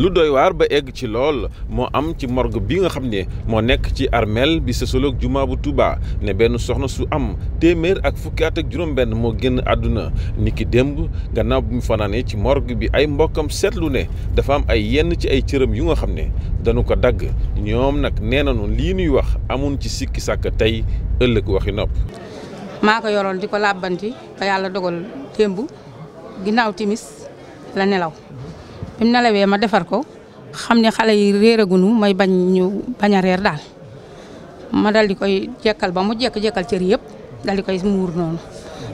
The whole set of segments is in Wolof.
lu doy war ba egg ci lol mo am ci morgue bi nga xamne mo nek ci armel bi solo juma bu Touba ne ben soxna su am temer ak fukki at ak juróom ben mo genn aduna niki demb gannaaw bu mu fanane ci morgue bi ay set seetlu ne dafa am ay yenn ci ay cëram yu nga xamne danu ko dag ñoom nak nenañu li ñuy wax amun ci sikki sak tay ëllëg waxi nopp mako yoron diko di ba yalla dogal tembu ginaaw timis la nelaw bi mu nelawee ma defar ko xam ne xale yi réeragunu may bañ ñu bañ a reer daal ma dal di koy jekkal ba mu jekk jekkal cër yëpp dal di koy muur noonu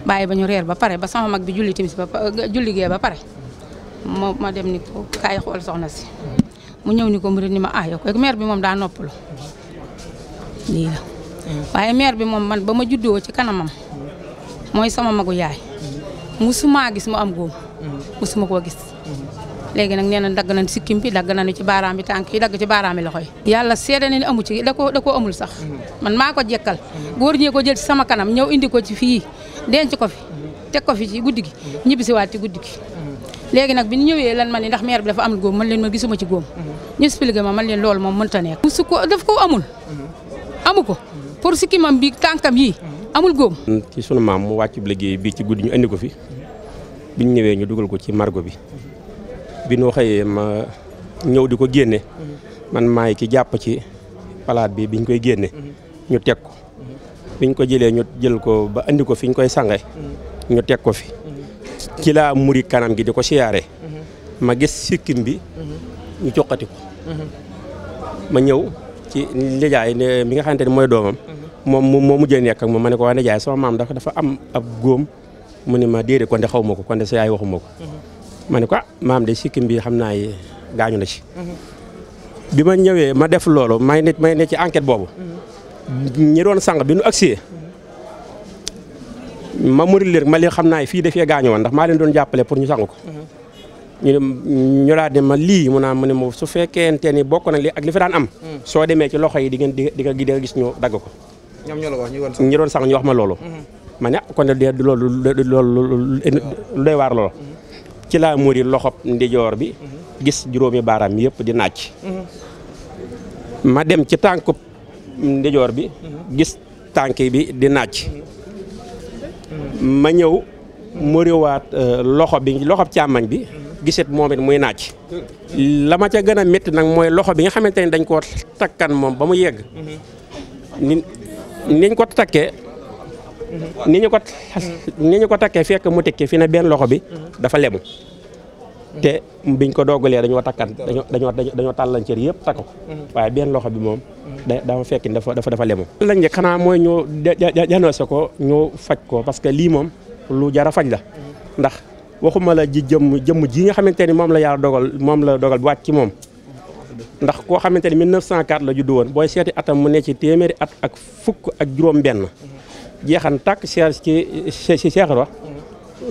bàyyi ba ñu reer ba pare ba sama mag bi julli timis ba euh, julli gee ba pare moo ma dem ni ko kaay xool soxna si mu ñëw ni ko mu ni ma aayoo ah, ko maire bi moom daa noppalu lii la waaye maire bi moom man ba ma juddoo ci kanamam mooy sama magu yaay musuma gis mu am góom musuma koo gis léegi nag nee na dagg nañ sikkim bi dagg nañu ci baaraam bi tànk yi dagg ci baaraam bi loxo yàlla seede na ni amu ci da koo da koo amul sax mm-hmm. man maa ko jekkal góor ñee ko jël sama kanam ñëw indi ko ci fii denc ko fi mm-hmm. teg ko fi ci guddi gi mm-hmm. ñibbisiwaat ci guddi gi léegi nag bi ñu ñëwee lan ma ni ndax maire bi dafa amul góom man leen ma gisuma ci góom ñu expliqué ma man leen loolu moom mënta nekk su ko daf ko amul amu ko pour sikkimam biig tànkam yi amul góom ci sunu maam mu wàccu liggéey bii ci guddi ñu indi ko fi bi ñu ñëwee ñu dugal ko ci margo bi bi noo xëyee ma ñëw di ko génne man maay ki jàpp ci palaat bi biñ koy génne ñu teg ko biñ ko jëlee ñu jël ko ba andi ko fi ñu koy sange ñu teg ko fi ci laa muri kanam gi di ko siyaare ma gis sikkim bi ñu joxati ko ma ñëw ci nijaay mi nga xante ni mooy doomam moom moo mujjee nekk ak moom ma ne ko waa nijaay sama maam dafa dafa am ab góom mu ne ma déedéet kon de xaw ko kon de waxuma ko mané ko ah maam de sikkim bi xamna yi gañu na ci. bima ñëwé ma def loolu may nit may ne ci enquête bobu ñi doon sang bi nu axé ma mëri leen ma li xamna naa fii dafee gaañu woon ndax ma leen doon jappalé pour ñu sang ko. ñu ñu la dem ma li mu na ma mo su fekkente ni bokk na li ak li fi daan am. so démé ci loxo yi di nga di nga gidé gis ñu dag ko. ñom ñu la wax ñu won sang ñi doon sang ñu wax ma loolu. mané ko né dé loolu loolu doy waar loolu. ci laa muri loxob ndijoor bi gis juróomi baaraam yëpp di naaj ma dem ci tànkub ndijoor bi gis tànk bi di naaj ma ñëw muriwaat euh, loxo bi loxob càmmañ bi gisit moom muy naaj la ma ca gën a metti nag mooy loxo bi nga xamante ni dañ koo takkan moom ba mu yegg niñ ko takkee ni ñu ko ni ko takkee fekk mu tekké fi na ben loxo bi dafa lemu té biñ ko dogalé dañu takkan dañu dañu dañoo tàllan cër yëpp takk ko waaye loxo bi mom da dafa fekk dafa dafa dafa lemu lañ njëkk xana moy ñu janoose ko ñu fajj ko parce que li mom lu jara fajj la ndax waxuma la ji jëm jëm ji nga xamanteni mom la yar dogal mom la dogal bu wacc ci mom ndax ko xamanteni 1904 la juddu won boy séti atam mu né ci téeméeri at ak fukk ak juroom benn jeexan tàkk ci ci Cheikh wax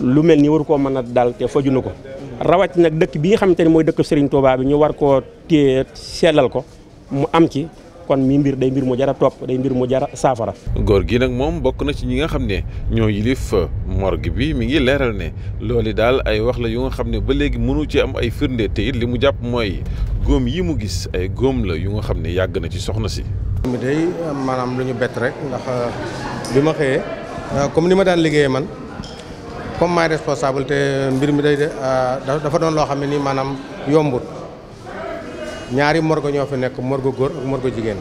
lu mel ni waru koo mën a daal te fajunu ko rawat nag dëkk bi nga xamante ne mooy dëkk Serigne Touba bi ñu war koo téye sellal ko mu am ci kon mi mbir day mbir mu jara topp day mbir mu jara saafara. góor gi nag moom bokk na ci ñi nga xam ne ñoo yilif morgue bi mi ngi leeral ne loolu daal ay wax la yu nga xam ne ba léegi mënu ci am ay firnde te li mu jàpp mooy góom yi mu gis ay góom la yu nga xam ne yàgg na ci soxna si. mi day maanaam lu ñu bett rek ndax bi ma xëyee comme ni ma daan liggéeyee man comme maay responsable te mbir mi day ah, dafa doon loo xam ne nii maanaam yombut ñaari morgo ñoo fi nekk morgo góor ak morgo jigéen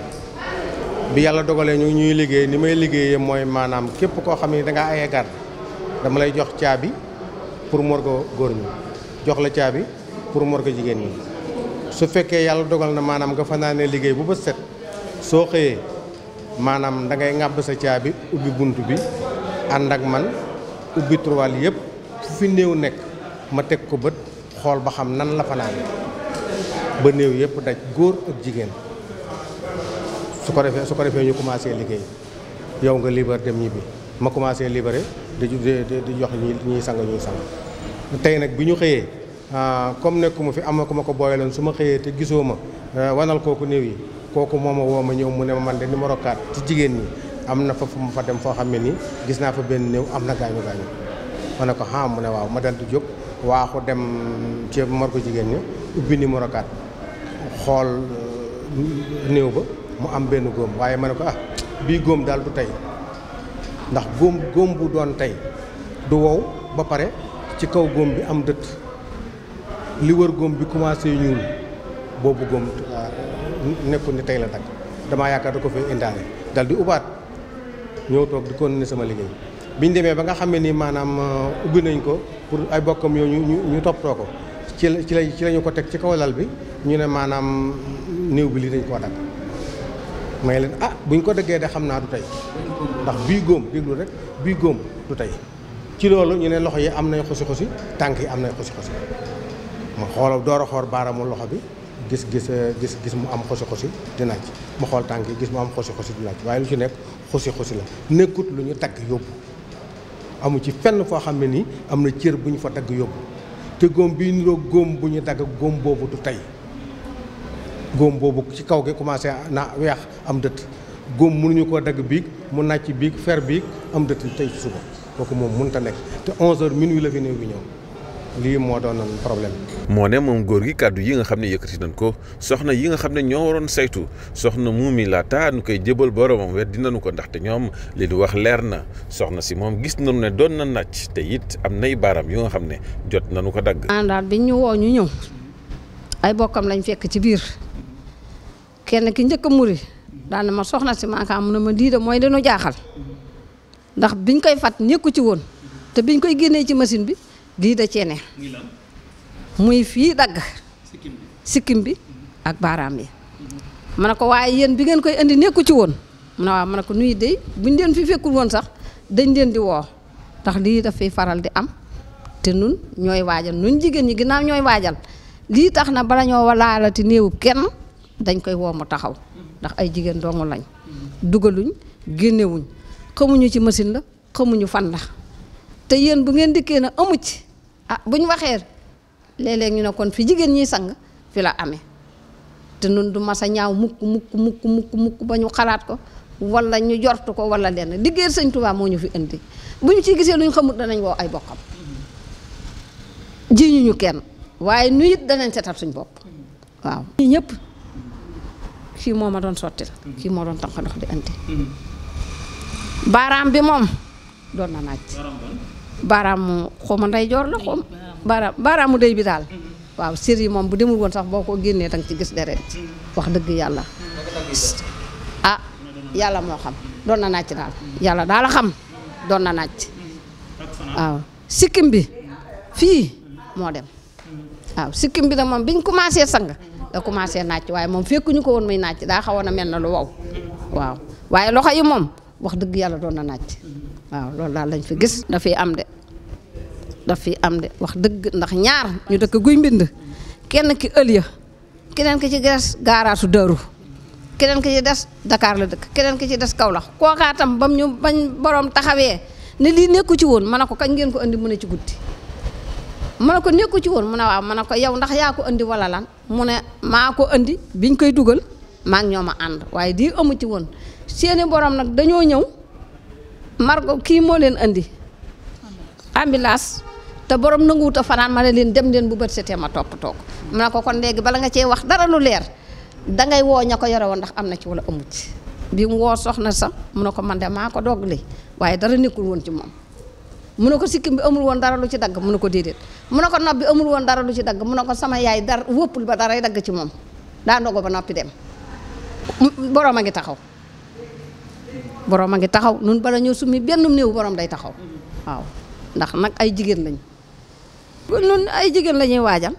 bi yàlla dogalee ñu ñuy liggéey ni may liggéeyee mooy maanaam képp koo xam ne da ngaa aye garde dama lay jox caabi pour morgo góor ñi jox la caabi pour morgo jigéen ñi su fekkee yàlla dogal na maanaam nga fanaanee liggéey bu bët set soo xëyee maanaam dangay ngay ŋàbb sa caabi ubbi bunt bi ànd ak man ubbi turwaal yëpp fu fi néew nekk ma teg ko bët xool ba xam nan la fanaan ba néew yëpp daj góor ak jigéen su ko defee su ko defee ñu commencé liggéey yow nga libre dem bi ma commencé libare di di jox ñuy sang ñuy sang tey nag bi ñu xëyee ah, comme nekku ma fi am na ku ma ko booyaloon su ma xëyee te gisoo ma eh, wanal kooku néew yi kooku moo ma woo ma ñëw mu ne ma man de numéro 4 ci jigéen ñi am na fa fu mu fa dem foo xam ne nii gis naa fa benn néew am na gaañu gaañu ma ne ko ah mu ne waaw ma dal di jóg waaxu dem ci morgue jigéen ñi ubbi numéro 4 xool euh, néew ba mu am benn góom waaye ma ne ko ah bii góom daal du tey ndax góom góom bu doon tey du wow ba pare ci kaw góom bi am dëtt li wër góom bi commencé ñuul. boo bëggoon ah, nekkul ne tey la dagg damaa yaakaar da ko fi indaale dal di ubaat ñëw toog di continuer sama liggéey biñ demee ba nga xam ne nii maanaam uh, ubbi nañ ko pour ay bokkam yooyu ñu ñu toppatoo ko ci la ci la ci la ko teg ci kaw lal bi ñu ne maanaam néew bi lii dañ koo dagg may leen ah buñ ko dëggee de xam naa du tey ndax bii góom déglu rek bii góom du tey ci loolu ñu ne loxo yi am nañ xosi xosi tànk yi am nañ xosi xosi ma xoolal door xoor baaraamu loxo bi gis gis euh, gis gis mu am xosi xosi di naaj ma xool tànk yi gis mu am xosi xosi di naaj waaye lu ci nekk xosi xosi la nekkut lu ñu tagg yóbbu amu ci fenn foo xam ne nii am na cër bu ñu fa dagg yóbbu te góom bi niroo góom bu ñu dagg góom boobu du tey góom boobu ci kaw gi commencé na weex am dëtt góom mënuñu koo dagg biig mu nàcc biig fer biig am dëtt tey ci suba kooku moom mun a nekk te 11 heures minuit la fi néew bi ñëw lii moo doonoon problème moo ne moom góor gi kàddu yi nga xam ne yëkkati nañ ko soxna yi nga xam ne ñoo waroon saytu soxna muumi laata nu koy jëbal boromam wet dinañu ko ndax te ñoom li du wax leer na soxna si moom gis nañu ne doon na nàcc te it am nay baaram yu nga xam ne jot nañu ko dagg. àndaat bi ñu woo ñu ñëw ay bokkam lañ fekk ci biir kenn ki njëkk a muri daal ma soxna si maanaam mu ne ma diida mooy dañoo jaaxal ndax biñ koy fat nekku ci woon te biñ koy génnee ci machine bi. lii de cee ne muy fii dagg sikkim bi mhm. ak baaraam yi mhm. ma ne ko waaye yéen bi ngeen koy indi nekku ci woon mu ne waaw ma ne ko nuy dey buñ leen fi fekkul woon sax dañ leen di woo ndax lii dafay faral di am te nun ñooy waajal nun jigéen ñi ginnaaw ñooy waajal lii tax na bala ñoo laalati néewub kenn dañ koy woo mu taxaw mhm. ndax ay jigéen doomu lañ dugaluñ génnewuñ xamuñu ci machine la xamuñu fan la te yéen bu ngeen dikkee na amu ci ah bu waxee léeg-léeg ñu ne kon fi jigéen ñiy sang fi la ame te nun du masa ñaaw mukk mukk mukk mukk mukk ba ñu xalaat ko wala ñu jortu ko wala lenn liggéeyal sañ Tuubaa moo ñu fi indi bu ñu ci gisee luñ ñu xamut danañ woo ay bokkam ji ñu ñu kenn waaye nu it danañ setal suñ bopp waaw ñi ñëpp fii moo ma doon sotti la kii moo doon tànq ndox di andi mm-hmm. baaraam bi moom doon na naaj baaraamu nday jor la xom baram baramu dey bi dal waaw sir yi mom bu demul won sax boko ko tang ci gis deret wax deug yalla ah yalla mo xam don na nacc dal yalla daal a xam don na nacc waaw sikim bi fi mo dem waaw sikim bi da mom biñ commencé sang da commencé nacc waye mom fekkuñu ko won muy nacc da xawona melna lu wow waaw waye loxo mom wax deug yalla do na nacc waaw lool la lañ fi gis fi am de fi am de wax deug ndax ñaar ñu dekk guuy mbind kenn ki ëlya kenen ki ci des gaaraatu dëru kenen ki ci dess Dakar la dekk kenen ki ci dess Kaolack ko xatam bam ñu bañ borom taxawé ne li neeku ci woon manako kañ ngeen ko andi mu ne ci guddi manako neeku ci woon mu ne wa manako yow ndax ya ko andi wala lan mu ne mako andi biñ koy duggal mak ñoma and ànd di amu ci won seeni borom nak dañu ñew margo ki mo leen andi Ambilas, ta borom nanguwut ta fanan ma leen dem leen bu bët ma top tok mu ko kon léegi bala nga ci wax dara lu leer dangay woo ña ko yoro won ndax amna ci wala amu ci bi mu wo soxna sa mu ko man de mako dogli waye dara nekul won ci mom mu ne ko sikkim bi amul won dara lu ci dag ko déedéet amul won dara lu ci dag mu ko sama yaay dar wopul ba daray dag ci mom daa ndogo ba nopi dem borom a ngi taxaw boroom a ngi taxaw nun bala ñëw summi benn néew borom day taxaw waaw ndax nag ay jigéen lañ nun ay jigéen lañuy ñuy waajal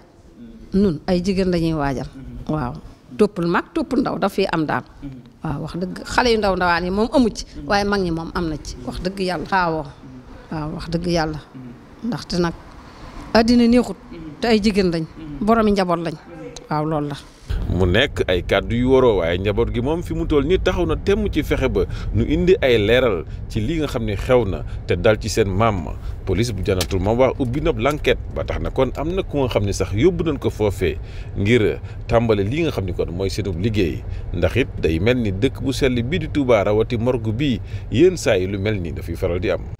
nun ay jigéen la ñuy waajal waaw toppul mag toppul ndaw daf fi am daal waaw wax dëgg xale yu ndaw ndawaan yi moom amu ci waaye mag ñi moom am na ci wax dëgg yàlla xaawoo waaw wax dëgg yàlla ndaxte nag àddina neexut te ay jigéen lañ boromi njaboot lañ waaw loolu la mu nekk ay kàddu yu waroo waaye njaboot gi moom fi mu toll nii taxaw na temm ci fexe ba nu indi ay leeral ci li nga xam ni xew na te dal ci seen maam ma police bu janatul ma wax ubbi na l'enquête ba tax na kon am na ku nga xam ne sax yóbbu nañ ko foofee ngir tàmbale li nga xam ni kon mooy seenub liggéey ndaxit day mel ni dëkk bu sell bii di tuubaa rawati morgue bi yenn saa yi lu mel nii dafay faral di am.